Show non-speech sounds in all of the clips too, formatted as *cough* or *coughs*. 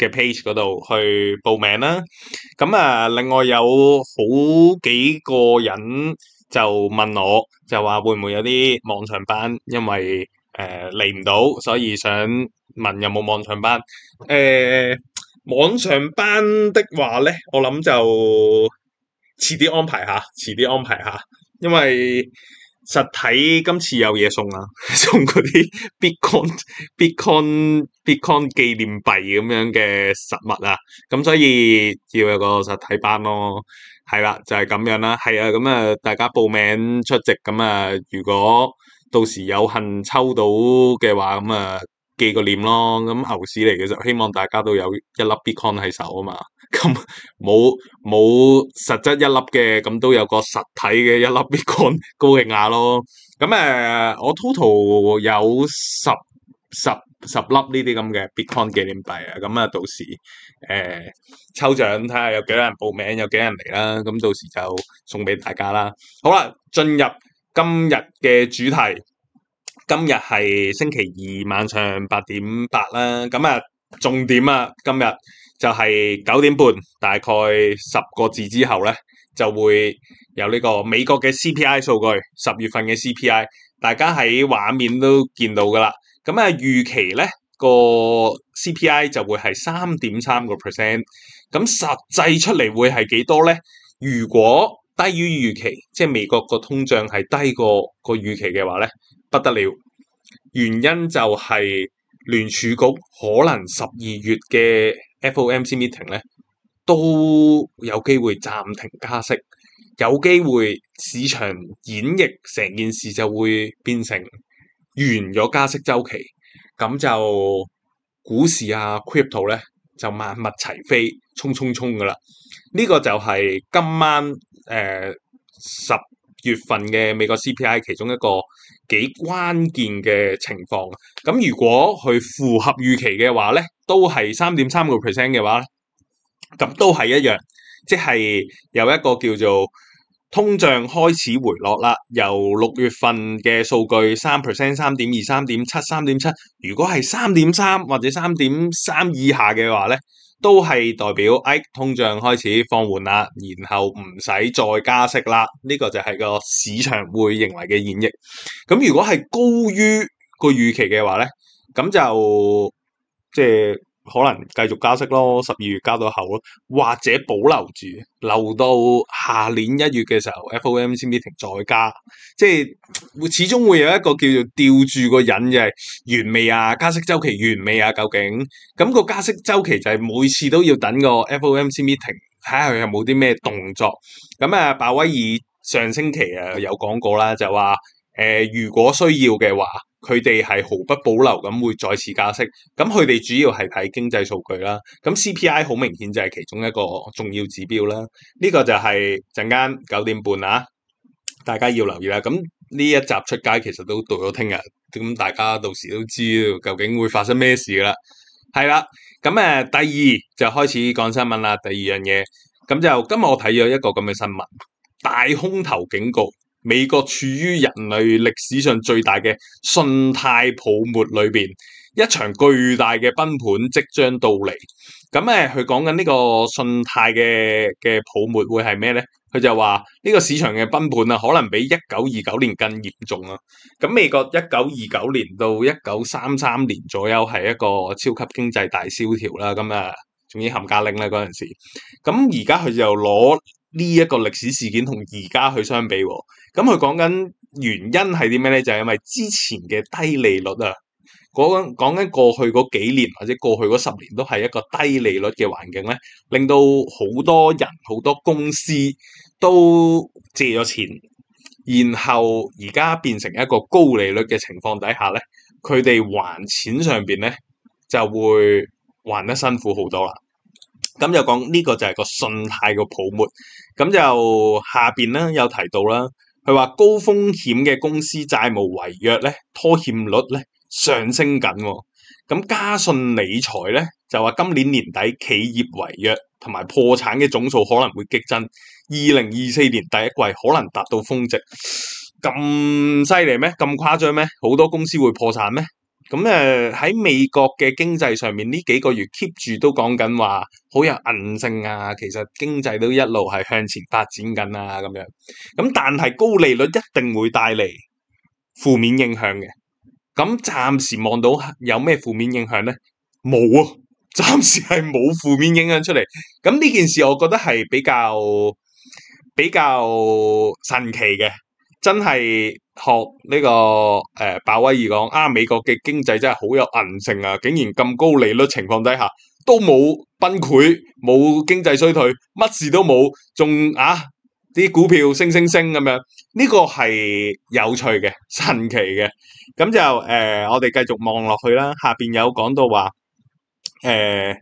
嘅 page 度去報名啦，咁啊，另外有好幾個人就問我，就話會唔會有啲網上班，因為誒嚟唔到，所以想問有冇網上班？誒、呃、網上班的話咧，我諗就遲啲安排下，遲啲安排下，因為。實體今次有嘢送啊，送嗰啲 Bitcoin、Bitcoin、Bitcoin 紀念幣咁樣嘅實物啊，咁所以要有個實體班咯，係啦、啊，就係、是、咁樣啦，係啊，咁、嗯、啊大家報名出席，咁、嗯、啊如果到時有幸抽到嘅話，咁啊記個念咯，咁、嗯、牛市嚟嘅就希望大家都有一粒 Bitcoin 喺手啊嘛～咁冇冇實質一粒嘅，咁都有個實體嘅一粒 Bitcoin 高興下咯。咁誒、呃，我 Total 有十十十粒呢啲咁嘅 Bitcoin 紀念幣啊。咁啊，到時誒、呃、抽獎睇下有幾多人報名，有幾多人嚟啦。咁到時就送俾大家啦。好啦，進入今日嘅主題。今日係星期二晚上八點八啦。咁啊，重點啊，今日。就係九點半，大概十個字之後咧，就會有呢個美國嘅 CPI 數據。十月份嘅 CPI，大家喺畫面都見到噶啦。咁啊，預期咧個 CPI 就會係三點三個 percent。咁實際出嚟會係幾多咧？如果低於預期，即係美國個通脹係低過個預期嘅話咧，不得了。原因就係聯儲局可能十二月嘅 FOMC meeting 咧都有機會暫停加息，有機會市場演繹成件事就會變成完咗加息週期，咁就股市啊、crypto 咧就萬物齊飛，衝衝衝噶啦！呢個就係今晚誒十月份嘅美國 CPI 其中一個。幾關鍵嘅情況，咁如果佢符合預期嘅話咧，都係三點三個 percent 嘅話咧，咁都係一樣，即係有一個叫做通脹開始回落啦。由六月份嘅數據三 percent，三點二，三點七，三點七。如果係三點三或者三點三以下嘅話咧，都係代表，哎，通脹開始放緩啦，然後唔使再加息啦，呢、這個就係個市場會認為嘅演繹。咁如果係高於個預期嘅話咧，咁就即係。就是可能繼續加息咯，十二月加到後咯，或者保留住留到下年一月嘅時候 FOMC meeting 再加，即係會始終會有一個叫做吊住個引嘅、就是、完美啊，加息周期完美啊，究竟咁、那個加息周期就係每次都要等個 FOMC meeting 睇下佢有冇啲咩動作。咁啊，鮑威爾上星期啊有講過啦，就話誒、呃，如果需要嘅話。佢哋係毫不保留咁會再次加息，咁佢哋主要係睇經濟數據啦。咁 CPI 好明顯就係其中一個重要指標啦。呢個就係陣間九點半啊，大家要留意啦。咁呢一集出街其實都到咗聽日，咁大家到時都知究竟會發生咩事㗎啦。係啦，咁誒第二就開始講新聞啦。第二樣嘢咁就今日我睇咗一個咁嘅新聞，大空頭警告。美國處於人類歷史上最大嘅信貸泡沫裏邊，一場巨大嘅崩盤即將到嚟。咁、嗯、誒，佢講緊呢個信貸嘅嘅泡沫會係咩咧？佢就話呢個市場嘅崩盤啊，可能比一九二九年更嚴重咯、啊。咁、嗯、美國一九二九年到一九三三年左右係一個超級經濟大蕭條啦。咁啊，仲、嗯、要冚家拎咧嗰陣時。咁而家佢就攞呢一個歷史事件同而家去相比、啊。咁佢講緊原因係啲咩咧？就係因為之前嘅低利率啊，講講緊過去嗰幾年或者過去嗰十年都係一個低利率嘅環境咧，令到好多人、好多公司都借咗錢，然後而家變成一個高利率嘅情況底下咧，佢哋還錢上邊咧就會還得辛苦好多啦。咁就講呢個就係個信貸嘅泡沫。咁就下邊咧有提到啦。佢話高風險嘅公司債務違約咧，拖欠率咧上升緊，啊。咁嘉信理財咧就話今年年底企業違約同埋破產嘅總數可能會激增，二零二四年第一季可能達到峰值。咁犀利咩？咁誇張咩？好多公司會破產咩？咁誒喺美國嘅經濟上面呢幾個月 keep 住都講緊話好有韌性啊，其實經濟都一路係向前發展緊啊咁樣。咁、嗯、但係高利率一定會帶嚟負面影響嘅。咁、嗯、暫時望到有咩負面影響咧，冇啊，暫時係冇負面影響出嚟。咁、嗯、呢件事我覺得係比較比較神奇嘅。真係學呢個誒，鮑威爾講啊，美國嘅經濟真係好有韌性啊！竟然咁高利率情況底下，都冇崩潰，冇經濟衰退，乜事都冇，仲啊啲股票升升升咁樣。呢個係有趣嘅，神奇嘅。咁就誒、呃，我哋繼續望落去啦。下邊有講到話，誒、呃，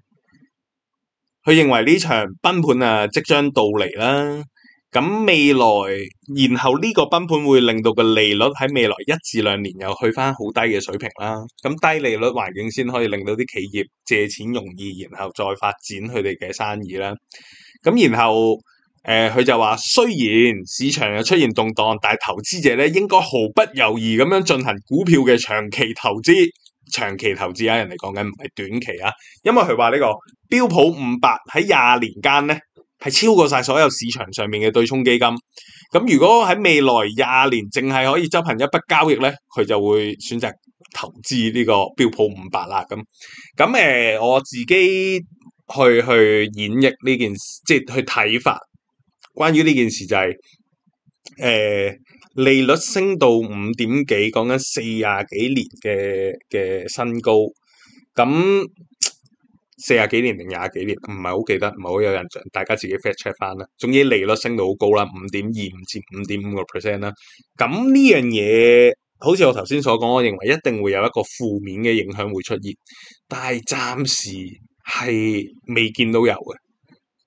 佢認為呢場崩盤啊即將到嚟啦。咁未來，然後呢個崩盤會令到個利率喺未來一至兩年又去翻好低嘅水平啦。咁低利率環境先可以令到啲企業借錢容易，然後再發展佢哋嘅生意啦。咁然後，誒、呃，佢就話雖然市場又出現動盪，但係投資者咧，應該毫不猶豫咁樣進行股票嘅長期投資。長期投資啊，人哋講緊唔係短期啊，因為佢話呢個標普五百喺廿年間咧。係超過晒所有市場上面嘅對沖基金，咁如果喺未來廿年淨係可以執行一筆交易咧，佢就會選擇投資呢個標普五百啦。咁咁誒，我自己去去演繹呢件事，即係去睇法關於呢件事就係、是、誒、呃、利率升到五點幾，講緊四十幾年嘅嘅新高，咁。四十幾年定廿幾年，唔係好記得，唔係好有印象。大家自己 fact check 翻啦。總之利率升到好高啦，五點二五至五點五個 percent 啦。咁呢樣嘢好似我頭先所講，我認為一定會有一個負面嘅影響會出現，但係暫時係未見到有嘅。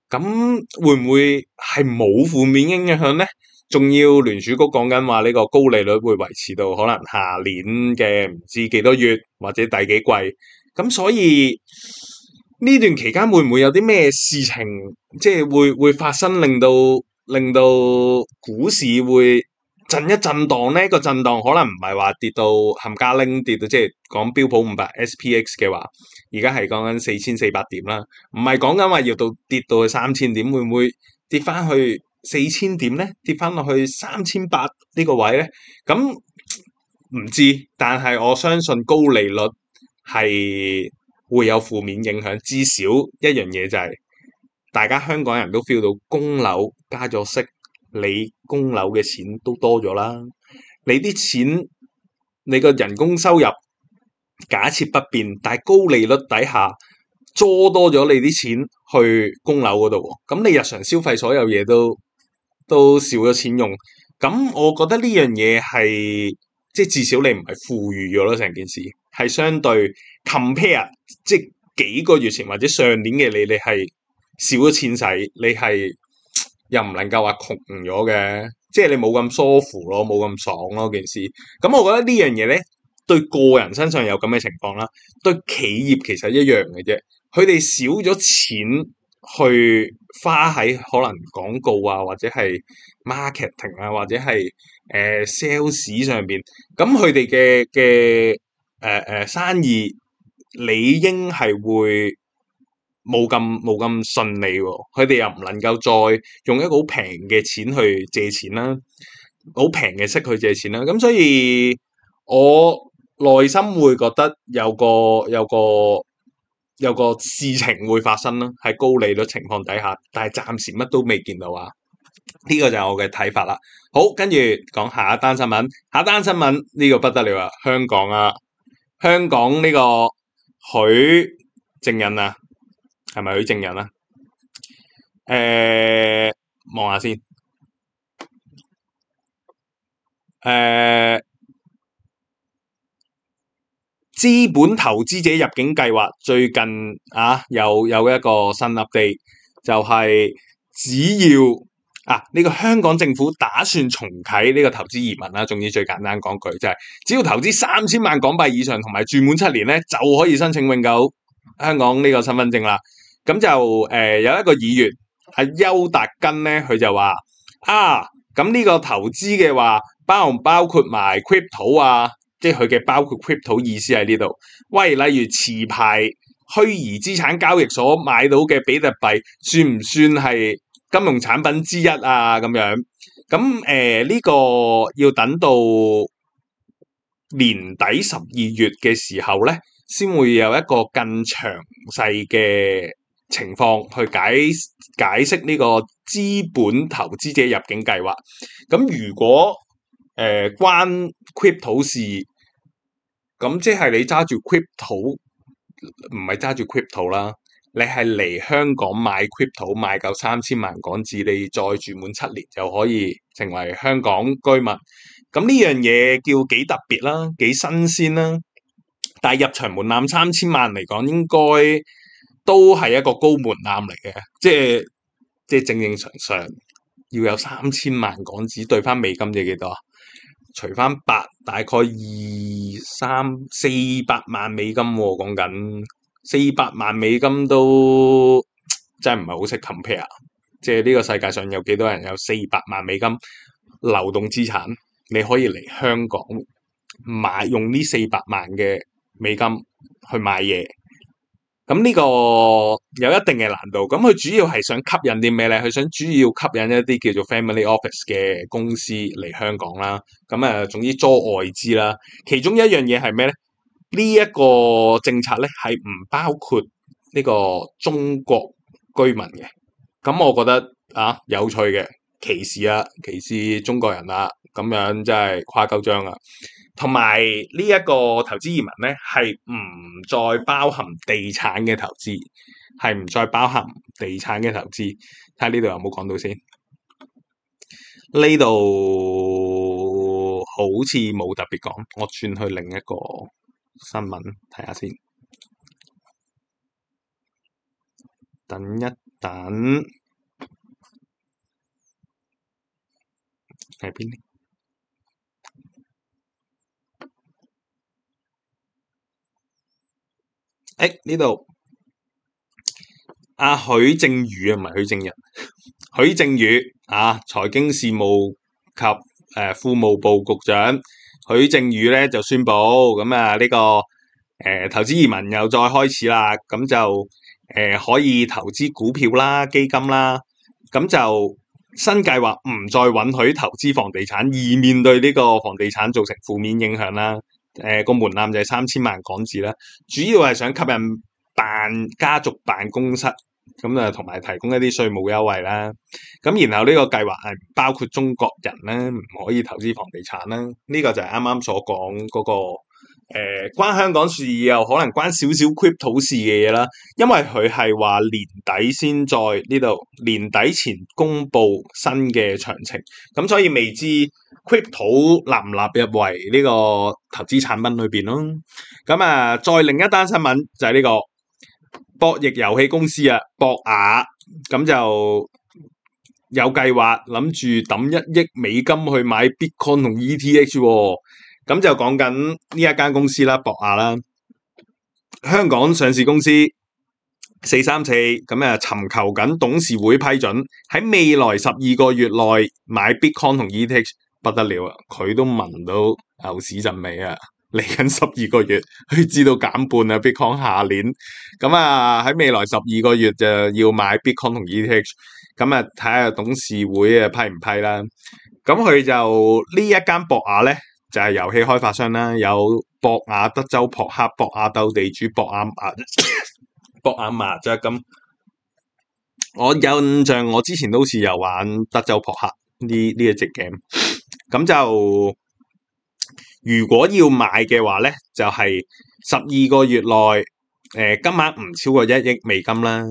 咁會唔會係冇負面影響咧？仲要聯儲局講緊話呢個高利率會維持到可能下年嘅唔知幾多月或者第幾季咁，所以。呢段期間會唔會有啲咩事情，即係會會發生，令到令到股市會震一震盪呢？呢個震盪可能唔係話跌到冚家拎，跌到即係講標普五百 S P X 嘅話，而家係講緊四千四百點啦，唔係講緊話要到跌到去三千點，會唔會跌翻去四千點呢？跌翻落去三千八呢個位呢？咁唔知，但係我相信高利率係。會有負面影響，至少一樣嘢就係、是、大家香港人都 feel 到供樓加咗息，你供樓嘅錢都多咗啦。你啲錢，你個人工收入假設不變，但係高利率底下捉多咗你啲錢去供樓嗰度喎。咁、嗯、你日常消費所有嘢都都少咗錢用。咁、嗯、我覺得呢樣嘢係即係至少你唔係富裕咗囉，成件事。係相對 compare，即係幾個月前或者上年嘅你，你係少咗錢使，你係又唔能夠話窮咗嘅，即係你冇咁疏乎咯，冇咁爽咯，件事。咁、嗯、我覺得呢樣嘢咧，對個人身上有咁嘅情況啦，對企業其實一樣嘅啫。佢哋少咗錢去花喺可能廣告啊，或者係 marketing 啊，或者係誒 sales 上邊，咁佢哋嘅嘅。誒誒、呃、生意理應係會冇咁冇咁順利喎，佢哋又唔能夠再用一個好平嘅錢去借錢啦，好平嘅息去借錢啦，咁所以我內心會覺得有個有個有個事情會發生啦，喺高利率情況底下，但係暫時乜都未見到啊，呢、呢個就係我嘅睇法啦。好，跟住講下一單新聞，下一單新聞呢、呢個不得了啊，香港啊！香港呢個許正人啊，係咪許正人啊？誒、呃，望下先。誒、呃，資本投資者入境計劃最近啊，又有，有一個新立地，就係、是、只要。啊！呢個香港政府打算重啟呢個投資移民啦。總之最簡單講句就係，只要投資三千萬港幣以上，同埋住滿七年咧，就可以申請永久香港呢個身份證啦。咁就誒有一個議員係邱達根咧，佢就話啊，咁呢個投資嘅話包唔包括埋 Crypto 啊？即係佢嘅包括 Crypto 意思喺呢度。喂，例如持牌虛擬資產交易所買到嘅比特幣，算唔算係？金融產品之一啊，咁樣，咁誒呢個要等到年底十二月嘅時候咧，先會有一個更詳細嘅情況去解解釋呢個資本投資者入境計劃。咁、嗯、如果誒、呃、關 Crypto 事，咁、嗯、即係你揸住 Crypto，唔係揸住 Crypto 啦。你係嚟香港買 crypto 買夠三千萬港紙，你再住滿七年就可以成為香港居民。咁呢樣嘢叫幾特別啦、啊，幾新鮮啦、啊。但係入場門檻三千萬嚟講，應該都係一個高門檻嚟嘅，即係即係正正常常要有三千萬港紙對翻美金，即係幾多？除翻八，大概二三四百萬美金喎、啊，講緊。四百萬美金都真係唔係好識 compare，即係呢個世界上有幾多人有四百萬美金流動資產，你可以嚟香港買用呢四百萬嘅美金去買嘢，咁呢個有一定嘅難度。咁佢主要係想吸引啲咩咧？佢想主要吸引一啲叫做 family office 嘅公司嚟香港啦。咁誒、啊，總之捉外資啦。其中一樣嘢係咩咧？呢一個政策咧係唔包括呢個中國居民嘅，咁我覺得啊有趣嘅歧視啊歧視中國人啦、啊，咁樣真係誇鳩張啊！同埋呢一個投資移民咧係唔再包含地產嘅投資，係唔再包含地產嘅投資。睇下呢度有冇講到先？呢度好似冇特別講，我轉去另一個。新聞睇下先，等一等，睇邊呢？誒，呢度，阿許、啊、正宇，許正，許正宇啊，唔係許正仁，許正宇啊，財經事務及誒副務部局長。許正宇呢就宣布，咁啊呢個誒、呃、投資移民又再開始啦，咁就誒、呃、可以投資股票啦、基金啦，咁就新計劃唔再允許投資房地產，以免對呢個房地產造成負面影響啦。誒、呃、個門檻就係三千萬港紙啦，主要係想吸引辦家族辦公室。咁啊，同埋提供一啲稅務優惠啦。咁然後呢個計劃係，包括中國人咧唔可以投資房地產啦。呢、這個就係啱啱所講嗰、那個誒、呃，關香港事又可能關少少 Crypto 事嘅嘢啦。因為佢係話年底先在呢度年底前公布新嘅詳情，咁所以未知 Crypto 納唔納入為呢、這個投資產品裏邊咯。咁啊，再另一單新聞就係、是、呢、這個。博弈遊戲公司啊，博雅咁就有計劃，諗住抌一億美金去買 Bitcoin 同 ETH，咁、哦、就講緊呢一間公司啦，博雅啦，香港上市公司四三四咁啊，尋求緊董事會批准喺未來十二個月內買 Bitcoin 同 ETH 不得了啊！佢都聞到牛市陣味啊！嚟緊十二個月，佢知道減半啊！Bitcoin 下年咁啊，喺未來十二個月就要買 Bitcoin 同 ETH，咁啊睇下董事會啊批唔批啦。咁佢就呢一間博雅咧，就係遊戲開發商啦，有博雅德州撲克、博雅鬥地主、博雅 *coughs* 博雅麻雀咁。我印象我之前都好似有玩德州撲克呢呢一隻 game，咁就。如果要買嘅話咧，就係十二個月內，誒金額唔超過一億美金啦。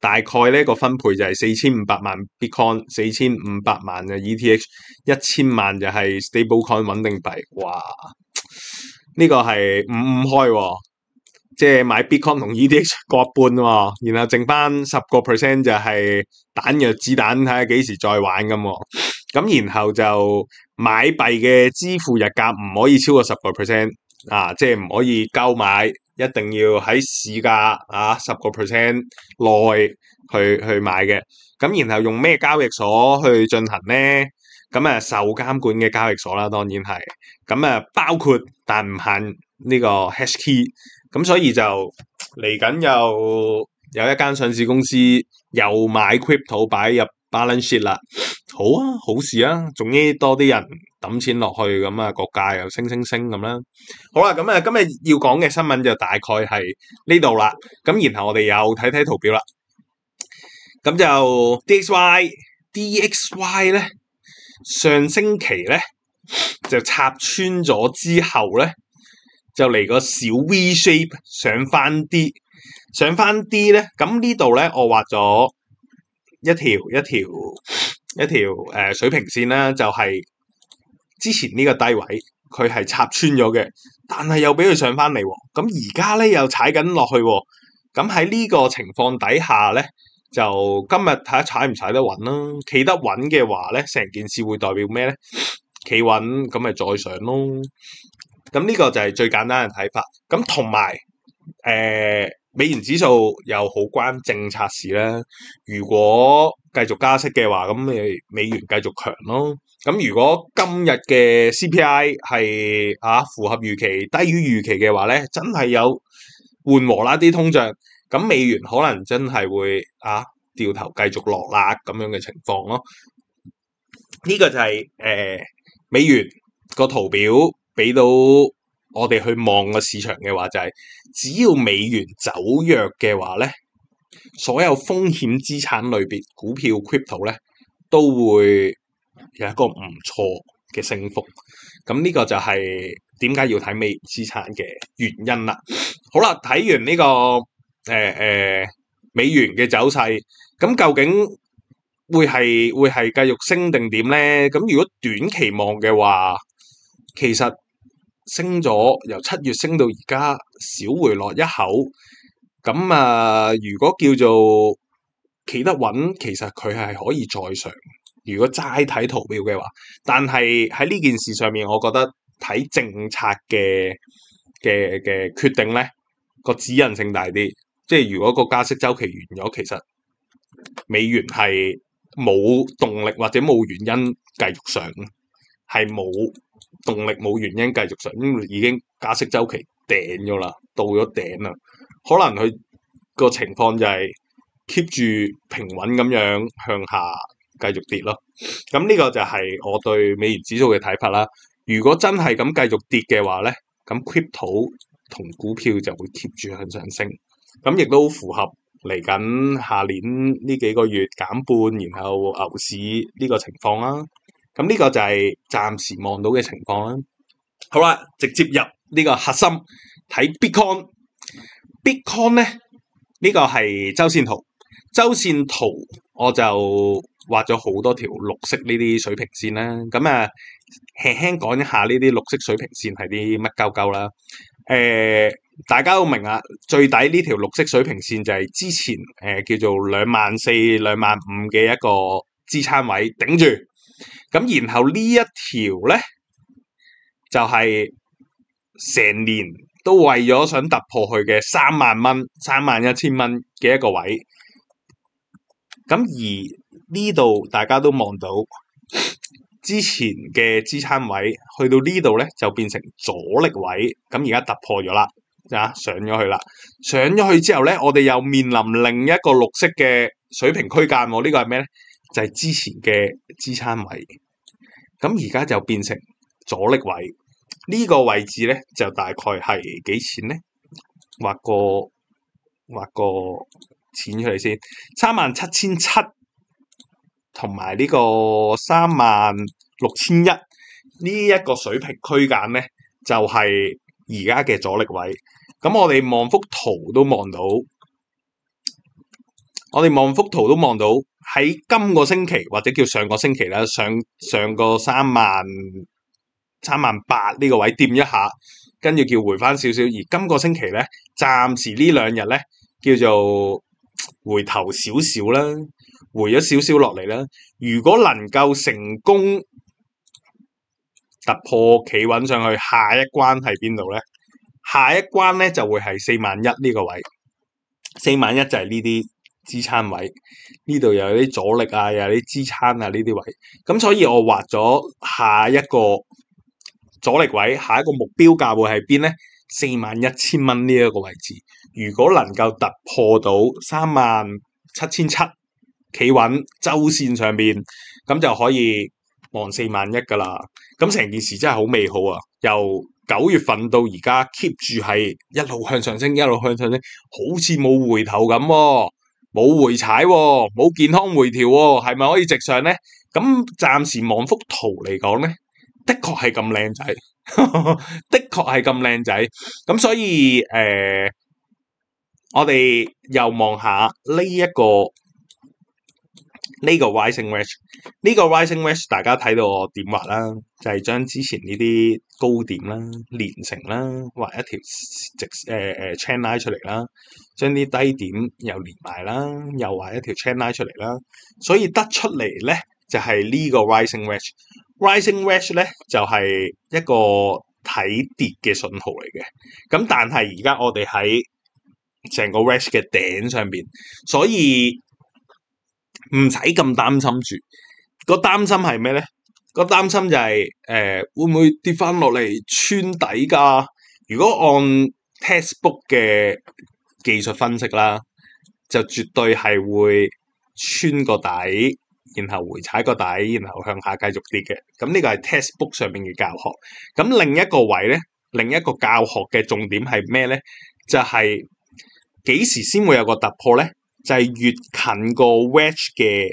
大概呢個分配就係四千五百萬 bitcoin，四千五百萬嘅 ETH，一千萬就係 stable coin 穩定幣。哇！呢個係五五開喎，即係買 bitcoin 同 ETH 各半，啊，然後剩翻十個 percent 就係彈藥子彈，睇下幾時再玩咁。咁然後就買幣嘅支付日價唔可以超過十個 percent 啊，即係唔可以購買，一定要喺市價啊十個 percent 內去去買嘅。咁然後用咩交易所去進行咧？咁、嗯、啊受監管嘅交易所啦，當然係。咁、嗯、啊包括但唔限呢個 HashKey 咁所以就嚟緊又有一間上市公司又買 Crypto 擺入 Balance Sheet 啦。好啊，好事啊，仲呢多啲人抌錢落去，咁啊，股價又升升升咁啦。好啦，咁啊，今日要講嘅新聞就大概係呢度啦。咁然後我哋又睇睇圖表啦。咁就 DXY，DXY 咧，上星期咧就插穿咗之後咧，就嚟個小 V shape 上返啲，上返啲咧。咁呢度咧，我畫咗一條一條。一條誒、呃、水平線咧、啊，就係、是、之前呢個低位，佢係插穿咗嘅，但係又俾佢上翻嚟喎。咁而家咧又踩緊落去喎。咁喺呢個情況底下咧，就今日睇下踩唔踩得穩咯、啊。企得穩嘅話咧，成件事會代表咩咧？企穩咁咪再上咯。咁呢個就係最簡單嘅睇法。咁同埋誒。美元指數又好關政策事啦，如果繼續加息嘅話，咁美美元繼續強咯。咁如果今日嘅 CPI 係啊符合預期，低於預期嘅話咧，真係有緩和啦啲通脹，咁美元可能真係會啊掉頭繼續落啦咁樣嘅情況咯。呢、這個就係、是、誒、呃、美元個圖表俾到。我哋去望個市場嘅話，就是，就係只要美元走弱嘅話咧，所有風險資產類別股票、crypto 咧都會有一個唔錯嘅升幅。咁呢個就係點解要睇美資產嘅原因啦。好啦，睇完呢、這個誒誒、呃呃、美元嘅走勢，咁究竟會係會係繼續升定點咧？咁如果短期望嘅話，其實。升咗，由七月升到而家，小回落一口。咁啊，如果叫做企得穩，其實佢係可以再上。如果齋睇圖表嘅話，但係喺呢件事上面，我覺得睇政策嘅嘅嘅決定咧，個指引性大啲。即係如果個加息週期完咗，其實美元係冇動力或者冇原因繼續上，係冇。動力冇原因繼續上，已經加息周期頂咗啦，到咗頂啦，可能佢個情況就係 keep 住平穩咁樣向下繼續跌咯。咁呢個就係我對美元指數嘅睇法啦。如果真係咁繼續跌嘅話咧，咁 crypto 同股票就會 keep 住向上升，咁亦都符合嚟緊下年呢幾個月減半然後牛市呢個情況啦。咁呢個就係暫時望到嘅情況啦。好啦，直接入呢個核心睇 Bitcoin。Bitcoin 咧，呢、這個係周線圖。周線圖我就畫咗好多條綠色呢啲水平線啦。咁啊，輕輕講一下呢啲綠色水平線係啲乜鳩鳩啦。誒、呃，大家都明啊。最底呢條綠色水平線就係之前誒、呃、叫做兩萬四、兩萬五嘅一個支撐位，頂住。咁然後一條呢一條咧，就係、是、成年都為咗想突破佢嘅三萬蚊、三萬一千蚊嘅一個位。咁而呢度大家都望到之前嘅支撐位，去到呢度咧就變成阻力位。咁而家突破咗啦，啊上咗去啦，上咗去，去之後咧，我哋又面臨另一個綠色嘅水平區間喎。這個、呢個係咩咧？就係之前嘅支撐位，咁而家就變成阻力位。呢個位置咧，就大概係幾錢咧？畫個畫個錢出嚟先，三萬七千七同埋呢個三萬六千一呢一個水平區間咧，就係而家嘅阻力位。咁我哋望幅圖都望到，我哋望幅圖都望到。喺今個星期或者叫上個星期啦，上上個三萬三萬八呢個位掂一下，跟住叫回翻少少。而今個星期咧，暫時呢兩日咧，叫做回頭少少啦，回咗少少落嚟啦。如果能夠成功突破企穩上去，下一關係邊度咧？下一關咧就會係四萬一呢個位，四萬一就係呢啲。支撐位呢度又有啲阻力啊，又有啲支撐啊，呢啲位咁，所以我畫咗下一個阻力位，下一個目標價會喺邊呢？四萬一千蚊呢一個位置，如果能夠突破到三萬七千七，企穩周線上邊，咁就可以望四萬一噶啦。咁成件事真係好美好啊！由九月份到而家 keep 住係一路向上升，一路向上升，好似冇回頭咁啊。冇回踩、啊，冇健康回調喎、啊，係咪可以直上咧？咁暫時望幅圖嚟講咧，的確係咁靚仔， *laughs* 的確係咁靚仔，咁所以誒、呃，我哋又望下呢一個。呢個 rising wedge，呢個 rising wedge，大家睇到我點畫啦，就係、是、將之前呢啲高點啦連成啦，畫一條直誒誒 channel line 出嚟啦，將啲低點又連埋啦，又畫一條 channel line 出嚟啦，所以得出嚟咧就係、是、呢個 rising wedge。rising wedge 咧就係、是、一個睇跌嘅信號嚟嘅，咁但係而家我哋喺成個 wedge 嘅頂上邊，所以。唔使咁擔心住，個擔心係咩咧？個擔心就係、是、誒、呃，會唔會跌翻落嚟穿底噶？如果按 textbook 嘅技術分析啦，就絕對係會穿個底，然後回踩個底，然後向下繼續跌嘅。咁呢個係 textbook 上面嘅教學。咁、嗯、另一個位咧，另一個教學嘅重點係咩咧？就係、是、幾時先會有個突破咧？就係越近個 wedge 嘅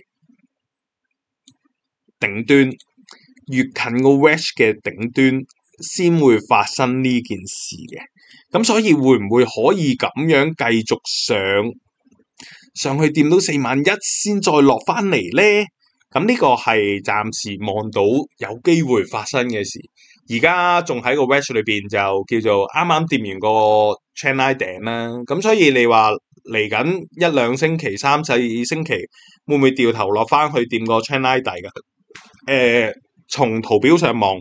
頂端，越近個 wedge 嘅頂端，先會發生呢件事嘅。咁所以會唔會可以咁樣繼續上上去掂到四萬一，先再落翻嚟咧？咁呢個係暫時望到有機會發生嘅事。而家仲喺個 wedge 裏邊，就叫做啱啱掂完個 channel 頂啦。咁所以你話？嚟緊一兩星期、三四星期，會唔會掉頭落翻去掂個 trend line 底嘅？誒、呃，從圖表上望，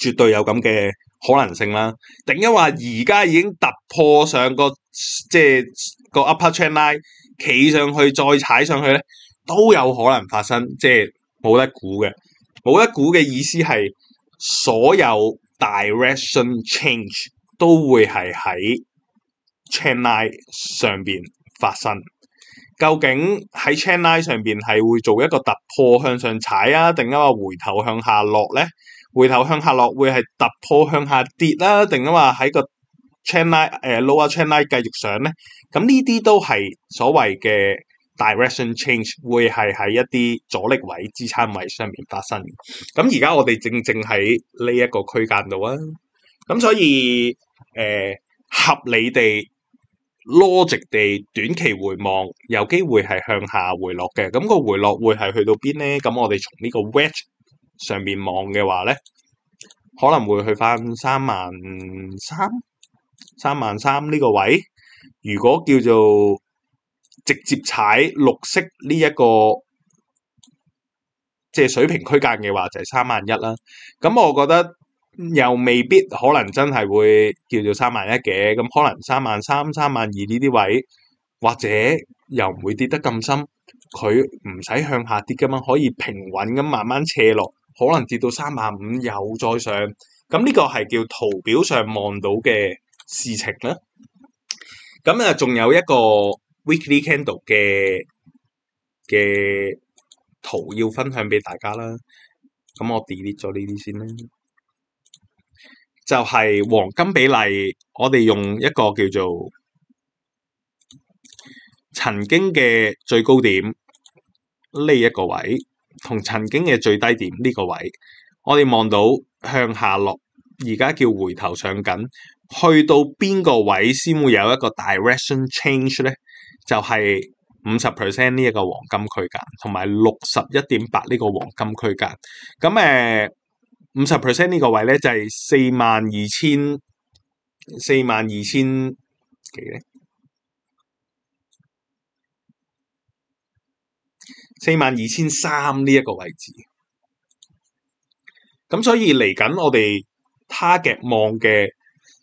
絕對有咁嘅可能性啦。點一話而家已經突破上個即係個 upper trend line 企上去再踩上去咧，都有可能發生，即係冇得估嘅。冇得估嘅意思係所有 direction change 都會係喺 channel 上邊發生，究竟喺 channel 上邊係會做一個突破向上踩啊，定抑話回頭向下落咧？回頭向下落會係突破向下跌啦、啊，定抑話喺個 channel 誒、呃、lower channel 繼續上咧？咁呢啲都係所謂嘅 direction change，會係喺一啲阻力位、支撐位上面發生。咁而家我哋正正喺呢一個區間度啊，咁所以誒、呃、合理地。邏輯地，短期回望有機會係向下回落嘅。咁、個回落會係去到邊咧？咁我哋從呢個 wedge 上面望嘅話咧，可能會去返三萬三、三萬三呢個位。如果叫做直接踩綠色呢，這，一個即係，就是，水平區間嘅話就，就係三萬一啦。咁我覺得。又未必可能真係會叫做三萬一嘅，咁可能三萬三、三萬二呢啲位，或者又唔會跌得咁深，佢唔使向下跌咁樣，可以平穩咁慢慢斜落，可能跌到三萬五又再上，咁呢個係叫圖表上望到嘅事情啦。咁啊，仲有一個 weekly candle 嘅嘅圖要分享俾大家啦。咁我 delete 咗呢啲先啦。就係黃金比例，我哋用一個叫做曾經嘅最高點呢一個位，同曾經嘅最低點呢個位，我哋望到向下落，而家叫回頭上緊，去到邊個位先會有一個 direction change 咧？就係五十 percent 呢一個黃金區間，同埋六十一點八呢個黃金區間。咁誒。呃五十 percent 呢個位咧就係四萬二千四萬二千幾咧，四萬二千三呢一個位置。咁所以嚟緊我哋 target 望嘅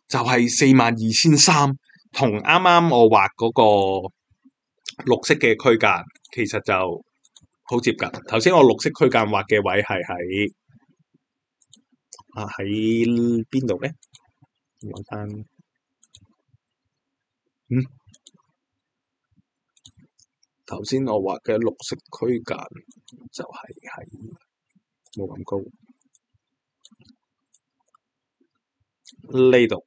就係四萬二千三，同啱啱我畫嗰個綠色嘅區間其實就好接近。頭先我綠色區間畫嘅位係喺。喺邊度呢？揾翻嗯，頭先我畫嘅綠色區間就係喺冇咁高呢度，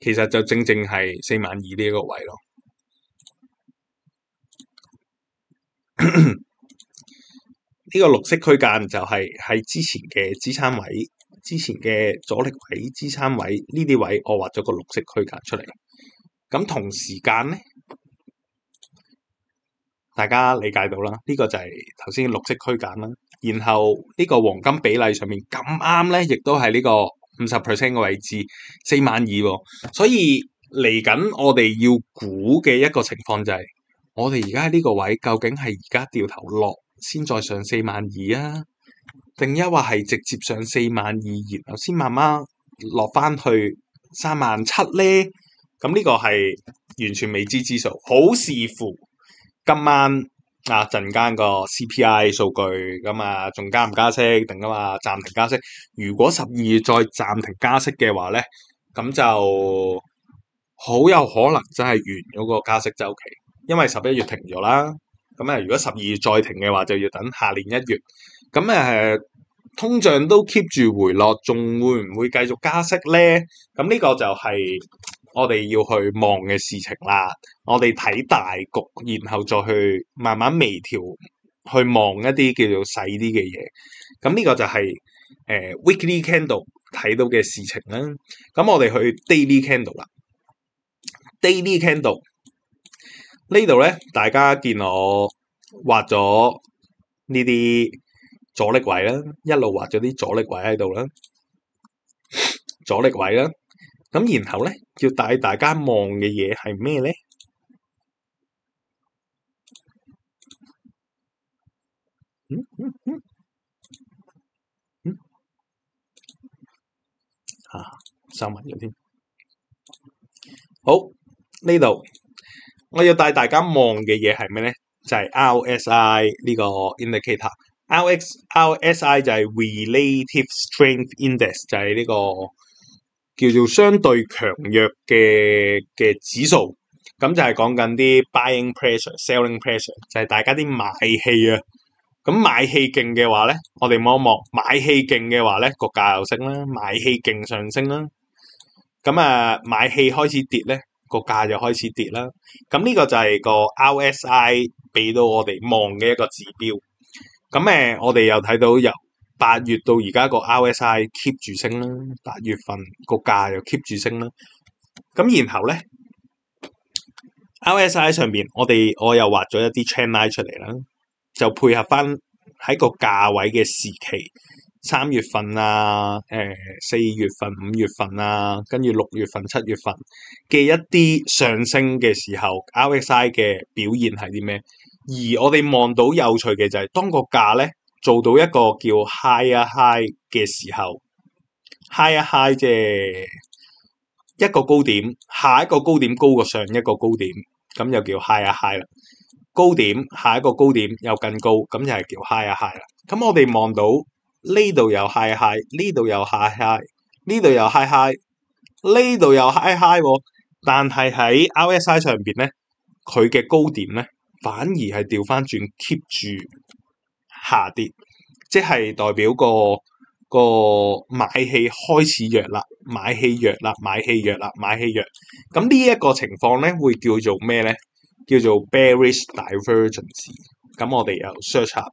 其實就正正係四萬二呢一個位咯。 *coughs* 呢個綠色區間就係喺之前嘅支撐位、之前嘅阻力位、支撐位呢啲位，位我畫咗個綠色區間出嚟。咁同時間咧，大家理解到啦，呢、呢個就係頭先綠色區間啦。然後呢個黃金比例上面咁啱咧，亦都係呢個五十 percent 嘅位置四萬二喎。所以嚟緊我哋要估嘅一個情況就係、係，我哋而家喺呢個位，究竟係而家掉頭落？先再上四萬二啊，定一或係直接上四萬二，然後先慢慢落翻去三萬七咧。咁呢個係完全未知之數，好視乎今晚啊陣間個 CPI 數據咁啊，仲、啊、加唔加息定啊？暫停加息。如果十二月再暫停加息嘅話咧，咁就好有可能真係完咗個加息週期，因為十一月停咗啦。咁啊！如果十二月再停嘅話，就要等下年一月。咁誒、啊，通脹都 keep 住回落，仲會唔會繼續加息咧？咁呢個就係我哋要去望嘅事情啦。我哋睇大局，然後再去慢慢微調，去望一啲叫做細啲嘅嘢。咁呢個就係、是、誒、呃、weekly candle 睇到嘅事情啦。咁我哋去 daily candle 啦，daily candle。呢度咧，大家見我畫咗呢啲阻力位啦，一路畫咗啲阻力位喺度啦，阻力位啦。咁然後咧，要帶大家望嘅嘢係咩咧？吓，收埋咗添。好，呢度。我要帶大家望嘅嘢係咩咧？就係 RSI 呢個 indicator，RSI 就係 relative strength index，就係呢個叫做相對強弱嘅嘅指數。咁就係講緊啲 buying pressure、selling pressure，就係大家啲買氣啊。咁買氣勁嘅話咧，我哋望一望買氣勁嘅話咧，個價又升啦，買氣勁上升啦。咁啊，買氣開始跌咧。個價又開始跌啦，咁呢個就係個 RSI 俾到我哋望嘅一個指標。咁誒，我哋又睇到由八月到而家個 RSI keep 住升啦，八月份個價又 keep 住升啦。咁然後咧，RSI 上邊我哋我又畫咗一啲 channel 出嚟啦，就配合翻喺個價位嘅時期。三月份啊，誒、呃、四月份、五月份啊，跟住六月份、七月份嘅一啲上升嘅時候 RSI 嘅表現係啲咩？而我哋望到有趣嘅就係、是、當個價咧做到一個叫 high 啊 high 嘅時候，high 啊 high 啫一個高點，下一個高點高過上一個高點，咁又叫 high 啊 high 啦。高點，下一個高點又更高，咁就係叫 high 啊 high 啦。咁我哋望到。呢度又嗨嗨，呢度又嗨嗨，呢度又嗨嗨，呢度又嗨嗨喎。但係喺 RSI 上邊咧，佢嘅高點咧，反而係掉返轉 keep 住下跌，即係代表個個買氣開始弱啦，買氣弱啦，買氣弱啦，買氣弱，弱。咁呢一個情況咧會叫做咩咧？叫做 bearish divergence。咁我哋又 search u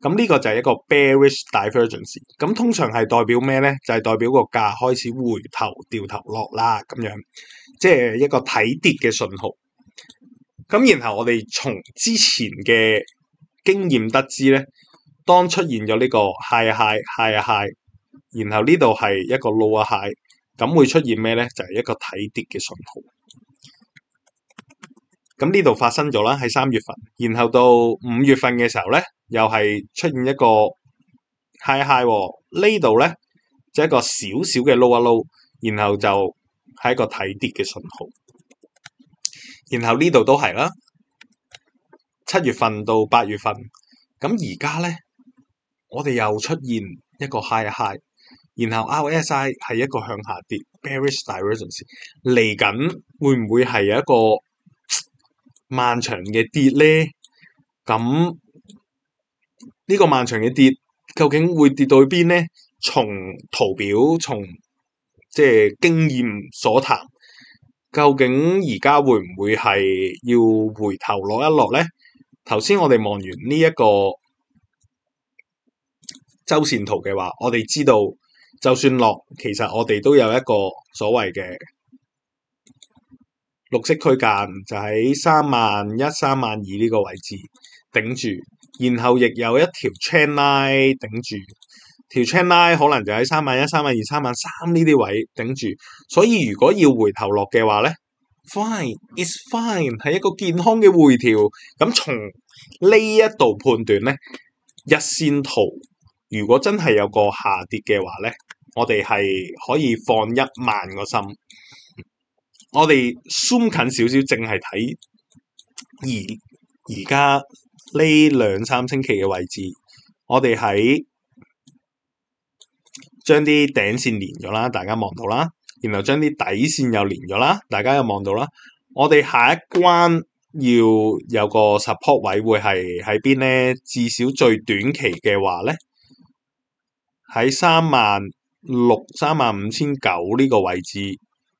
咁呢個就係一個 bearish divergence，咁通常係代表咩咧？就係、是、代表個價開始回頭掉頭落啦，咁樣即係一個睇跌嘅信號。咁然後我哋從之前嘅經驗得知咧，當出現咗呢個 high high high high，然後呢度係一個 lower high，咁會出現咩咧？就係、是、一個睇跌嘅信號。咁呢度發生咗啦，喺三月份，然後到五月份嘅時候咧，又係出現一個 high high，呢度咧就一個小小嘅 low 一 low，然後就係一個睇跌嘅信號。然後呢度都係啦，七月份到八月份，咁而家咧，我哋又出現一個 high high，然後 RSI 係一個向下跌 bearish divergence，嚟緊會唔會係有一個漫長嘅跌咧，咁呢個漫長嘅跌究竟會跌到去邊呢？從圖表，從即係經驗所談，究竟而家會唔會係要回頭落一落呢？頭先我哋望完呢一個週線圖嘅話，我哋知道就算落，其實我哋都有一個所謂嘅。綠色區間就喺三萬一、三萬二呢個位置頂住，然後亦有一條 channel 頂住，條 channel 可能就喺三萬一、三萬二、三萬三呢啲位頂住。所以如果要回頭落嘅話呢，fine is fine，係一個健康嘅回調。咁從呢一度判斷呢，日線圖如果真係有個下跌嘅話呢，我哋係可以放一萬個心。我哋 Zoom 近少少，淨係睇而而家呢兩三星期嘅位置，我哋喺將啲頂線連咗啦，大家望到啦，然後將啲底線又連咗啦，大家又望到啦。我哋下一關要有個 support 位，會係喺邊呢？至少最短期嘅話咧，喺三萬六、三萬五千九呢個位置。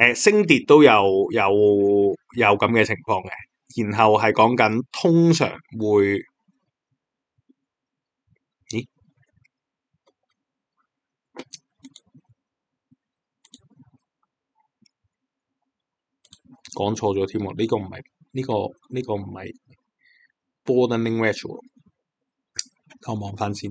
誒升跌都有有有咁嘅情況嘅，然後係講緊通常會，咦？講錯咗添喎，呢、這個唔係呢個呢、這個唔係 Broadening Wedge 喎，我望翻先。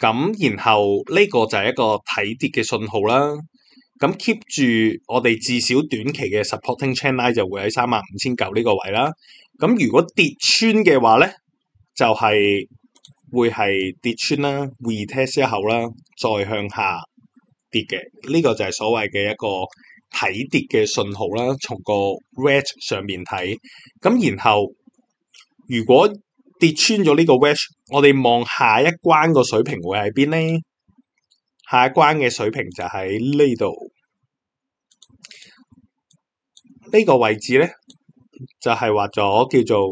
咁然後呢個就係一個睇跌嘅信號啦。咁 keep 住我哋至少短期嘅 supporting trend line 就會喺三萬五千九呢個位啦。咁如果跌穿嘅話咧，就係、是、會係跌穿啦。retest 之後啦，再向下跌嘅。呢、這個就係所謂嘅一個睇跌嘅信號啦。從個 rate 上面睇，咁然後如果跌穿咗呢個位我哋望下一關個水平會喺邊呢？下一關嘅水平就喺呢度，呢、這個位置咧就係畫咗叫做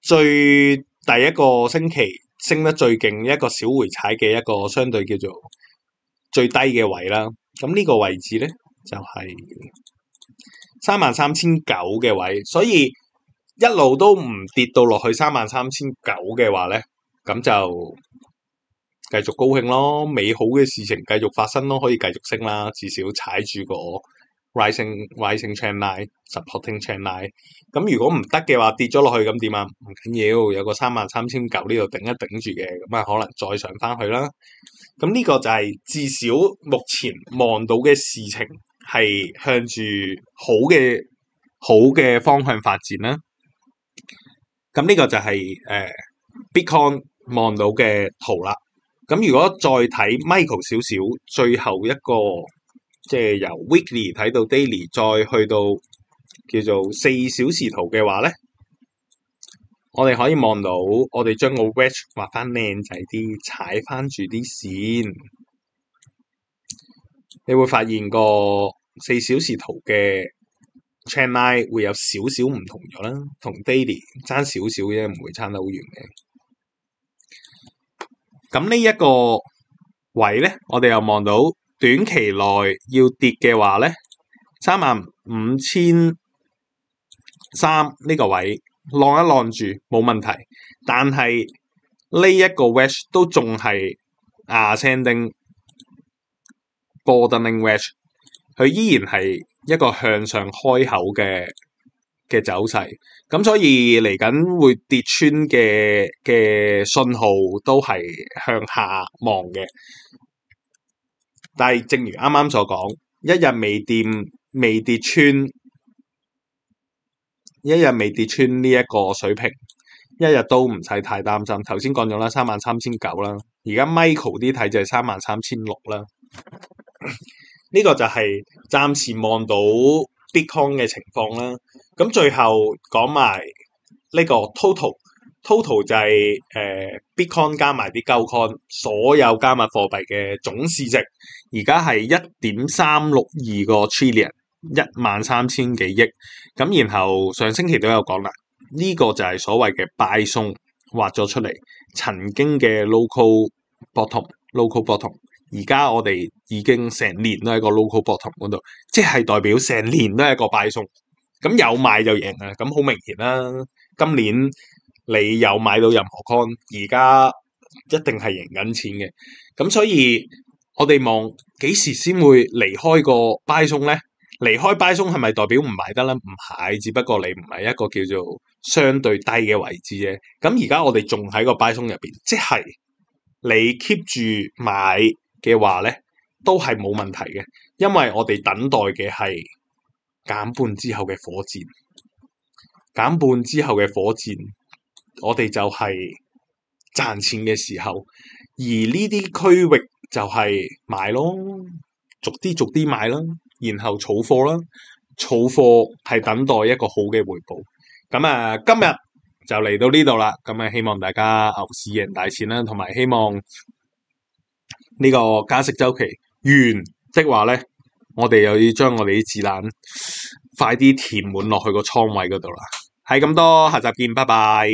最第一個星期升得最勁一個小回踩嘅一個相對叫做最低嘅位啦。咁、這、呢個位置咧就係三萬三千九嘅位，所以，一路都唔跌到落去三萬三千九嘅話咧，咁就繼續高興咯，美好嘅事情繼續發生咯，可以繼續升啦。至少踩住個 rising rising trend line、supporting trend line。咁如果唔得嘅話，跌咗落去咁點啊？唔緊要，要，有個三萬三千九呢度頂一頂住嘅，咁啊可能再上翻去啦。咁呢個就係至少目前望到嘅事情係向住好嘅好嘅方向發展啦。咁呢個就係、是、誒、呃、Bitcoin 望到嘅圖啦。咁如果再睇 Michael 少少最後一個，即、就、係、是、由 Weekly 睇到 Daily 再去到叫做四小時圖嘅話咧，我哋可以望到，我哋將個 wedge 畫翻靚仔啲，踩翻住啲線，你會發現個四小時圖嘅。Chain line 會有少少唔同咗啦，同 daily 爭少少啫，唔會爭得好遠嘅。咁呢一個位咧，我哋又望到短期內要跌嘅話咧，三萬五千三呢個位晾一晾住冇問題，但係呢一個 wash 都仲係 ascending bordering wash，佢依然係，一個向上開口嘅嘅走勢，咁所以嚟緊會跌穿嘅嘅信號都係向下望嘅。但係正如啱啱所講，一日未跌未跌穿，一日未跌穿呢一個水平，一日都唔使太擔心。頭先講咗啦，三萬三千九啦，而家 Michael 啲睇就係三萬三千六啦。呢個就係暫時望到 Bitcoin 嘅情況啦。咁最後講埋呢個 Total，Total 就係、是、誒、呃、Bitcoin 加埋啲舊 Coin，所有加密貨幣嘅總市值，而家係一點三六二個 Trillion，一萬三千幾億。咁然後上星期都有講啦，呢、這個就係所謂嘅拜松畫咗出嚟曾經嘅 loc Local Bottom Local Bottom。而家我哋已經成年都喺個 local bottom 嗰度，即係代表成年都係一個 buy 送，咁有買就贏啊！咁好明顯啦，今年你有買到任何 con，而家一定係贏緊錢嘅。咁所以我哋望幾時先會離開個 buy 送咧？離開 buy 送係咪代表唔買得啦？唔係，只不過你唔係一個叫做相對低嘅位置啫。咁而家我哋仲喺個 buy 送入邊，即係你 keep 住買，嘅話咧，都係冇問題嘅，因為我哋等待嘅係減半之後嘅火箭，減半之後嘅火箭，我哋就係賺錢嘅時候，而呢啲區域就係買咯，逐啲逐啲買咯，然後儲貨啦，儲貨係等待一個好嘅回報。咁啊，今日就嚟到呢度啦，咁啊，希望大家牛市贏大錢啦，啊，同埋希望，呢個加息周期完的話呢，我哋又要將我哋啲子彈快啲填滿落去個倉位嗰度啦。係咁多，下集見，拜拜。